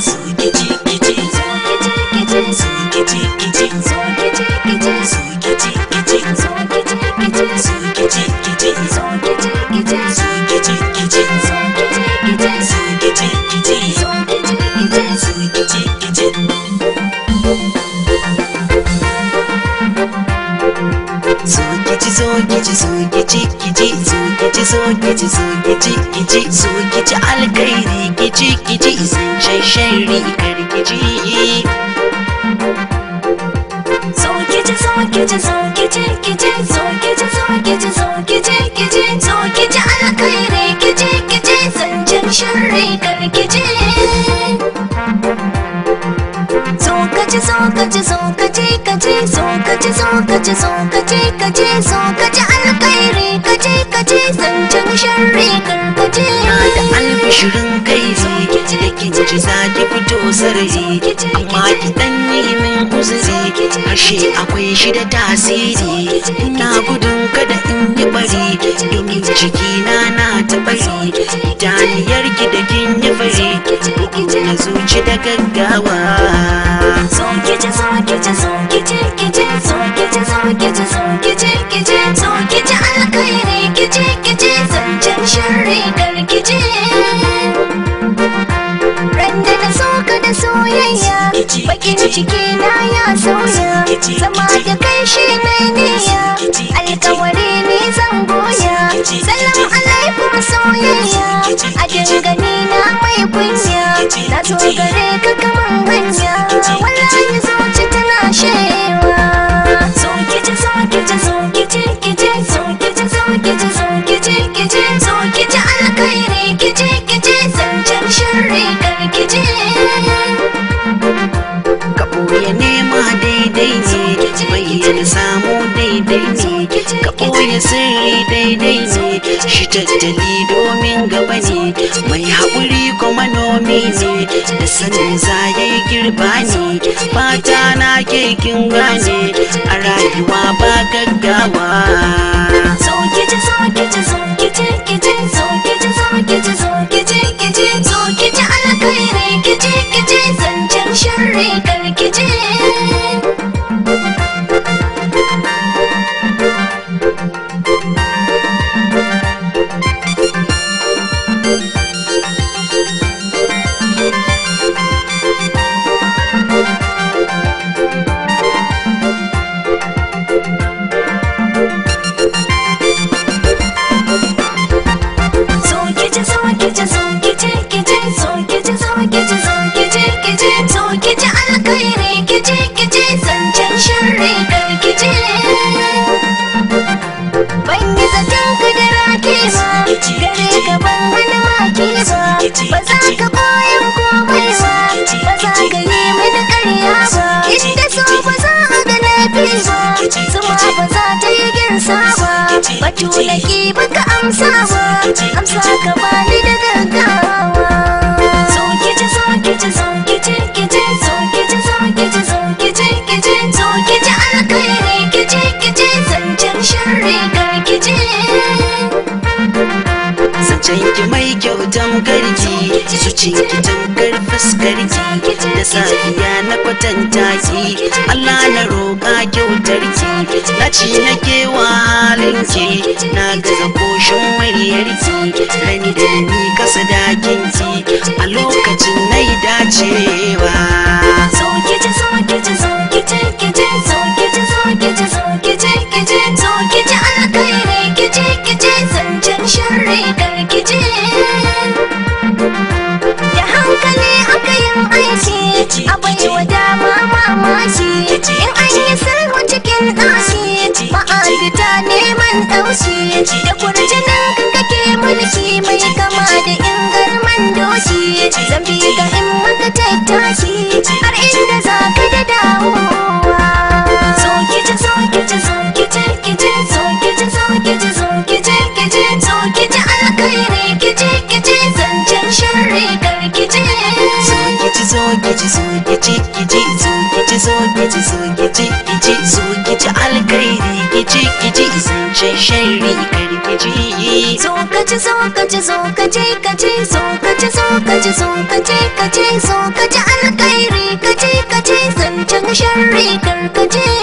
Zoe, get you, zoe, get you, get you, get you. so kici so kici kici so kici alkhairi kici kici zancen shari kar kici so kici so kici so kici kici so kici so kici so kici kici so kici alkhairi kici kici zancen shari kar kici so kaci so kaci so karkace zancen sharri karkace na da albishirin kai zai kici kici za ki fito sarari kuma ki dan yi min ashe akwai shi da tasiri na gudun kada in yi bari domin ciki na na tabari daniyar ki da kin yi fari bugu na zuci da gaggawa zo kici zo kici zo kici kici zo kici zo kici zo kici kici randa na so ka da soyayya bakin ciki na ya sauya zama da kai shi ne niyya alkawari ne zan goya sirri daidai zai shi tattali domin gaba zai mai haƙuri kuma nomi ne da sanin zaye girba ne fata na kekin gane a rayuwa ba gaggawa Nuna ki baka amsa ba Amsa ka bani da gaggawa Zo kici zo kici zo kici kici Zo kici zo kici zo kici kici Zo kici alkhairi kici kici Zancen sharri kar kici Zancen ki mai kyau tamkar ki Zucin ki tamkar fuskar ki Da safiya na kwatanta ki Allah na roƙa na ci na kewalinki na gaza koshin muryarki na ni da ni kasa dakinki a lokacin na dace zan bi ka in muka tattashi har inda za ka da dawowa zo ki ji zo ki ji zo ki ji ki ji zo ki ji zo ki ji zo ki ji zancen sharri kar ki ji zo ki ji zo ki ji zo zo ki ji zo ki ji zancen sharri kar kaje zo kaje zo kaje kaje zo kaje alkhairi kaje kaje zancen sharri kar kaje